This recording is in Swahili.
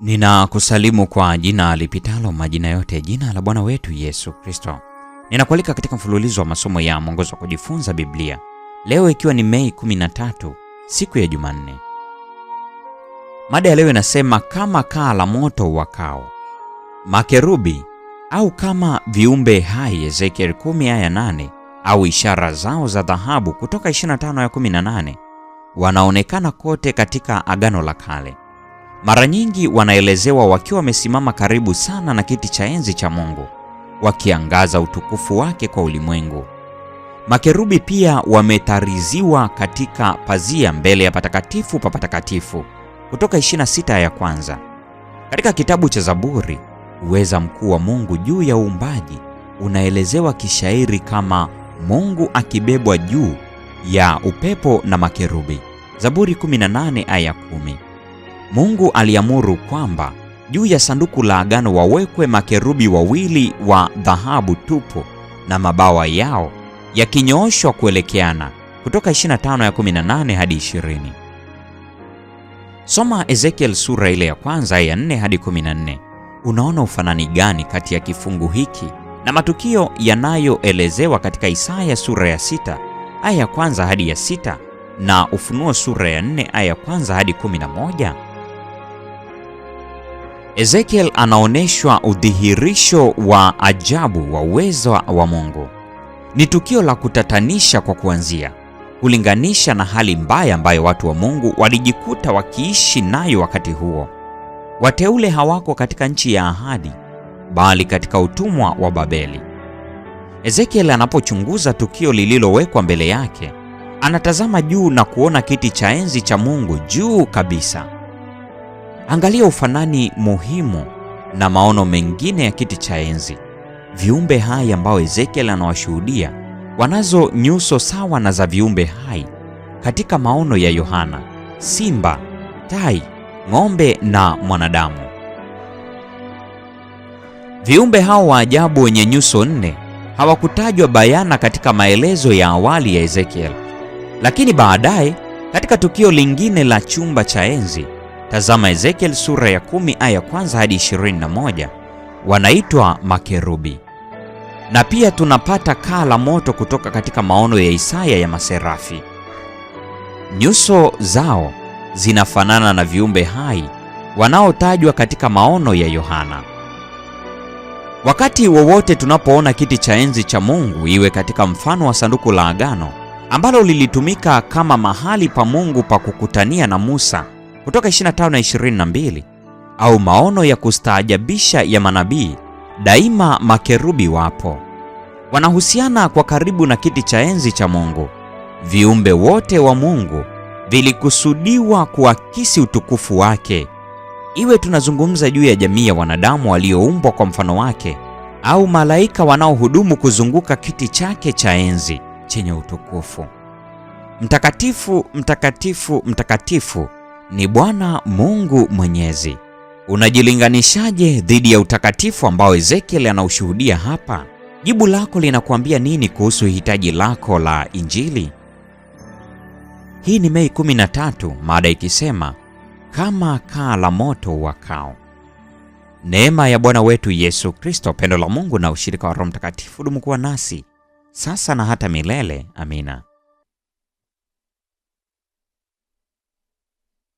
Ninakusalimu kwa jina lipitalo majina yote, jina la Bwana wetu Yesu Kristo. Ninakualika katika mfululizo wa masomo ya mwongozo wa kujifunza Biblia, leo ikiwa ni Mei 13, siku ya Jumanne. Mada ya leo inasema kama kaa la moto wakao makerubi au kama viumbe hai, Ezekiel 10 aya 8, au ishara zao za dhahabu, Kutoka 25 aya 18, wanaonekana kote katika Agano la Kale. Mara nyingi wanaelezewa wakiwa wamesimama karibu sana na kiti cha enzi cha Mungu, wakiangaza utukufu wake kwa ulimwengu. Makerubi pia wametariziwa katika pazia mbele ya patakatifu pa patakatifu, Kutoka 26 ya kwanza. Katika kitabu cha Zaburi, uweza mkuu wa Mungu juu ya uumbaji unaelezewa kishairi kama Mungu akibebwa juu ya upepo na makerubi, Zaburi 18 aya 10. Mungu aliamuru kwamba juu ya sanduku la agano wawekwe makerubi wawili wa dhahabu tupu na mabawa yao yakinyooshwa kuelekeana kutoka 25 ya 18 hadi 20. Soma Ezekiel sura ile ya kwanza ya 4 hadi 14. Unaona ufanani gani kati ya kifungu hiki na matukio yanayoelezewa katika Isaya sura ya 6 aya ya kwanza hadi ya 6 na Ufunuo sura ya 4 aya ya kwanza hadi 11? Ezekiel anaonyeshwa udhihirisho wa ajabu wa uwezo wa Mungu. Ni tukio la kutatanisha kwa kuanzia, kulinganisha na hali mbaya ambayo watu wa Mungu walijikuta wakiishi nayo wakati huo. Wateule hawako katika nchi ya ahadi, bali katika utumwa wa Babeli. Ezekiel anapochunguza tukio lililowekwa mbele yake, anatazama juu na kuona kiti cha enzi cha Mungu juu kabisa. Angalia ufanani muhimu na maono mengine ya kiti cha enzi. Viumbe hai ambao Ezekiel anawashuhudia wanazo nyuso sawa na za viumbe hai katika maono ya Yohana: simba, tai, ng'ombe na mwanadamu. Viumbe hao wa ajabu wenye nyuso nne hawakutajwa bayana katika maelezo ya awali ya Ezekiel, lakini baadaye katika tukio lingine la chumba cha enzi Tazama Ezekiel sura ya kumi aya ya kwanza hadi moja. Wanaitwa makerubi. Na pia tunapata kaa la moto kutoka katika maono ya Isaya ya maserafi. Nyuso zao zinafanana na viumbe hai wanaotajwa katika maono ya Yohana. Wakati wowote tunapoona kiti cha enzi cha Mungu, iwe katika mfano wa sanduku la agano ambalo lilitumika kama mahali pa Mungu pa kukutania na Musa kutoka 25 na 22 au maono ya kustaajabisha ya manabii, daima makerubi wapo, wanahusiana kwa karibu na kiti cha enzi cha Mungu. Viumbe wote wa Mungu vilikusudiwa kuakisi utukufu wake, iwe tunazungumza juu ya jamii ya wanadamu walioumbwa kwa mfano wake au malaika wanaohudumu kuzunguka kiti chake cha enzi chenye utukufu. Mtakatifu, mtakatifu, mtakatifu ni Bwana Mungu Mwenyezi. Unajilinganishaje dhidi ya utakatifu ambao Ezekiel anaushuhudia hapa? Jibu lako linakuambia nini kuhusu hitaji lako la Injili? Hii ni Mei 13, mada ikisema kama kaa la moto wakao. Neema ya Bwana wetu Yesu Kristo, pendo la Mungu na ushirika wa Roho Mtakatifu dumu kuwa nasi sasa na hata milele. Amina.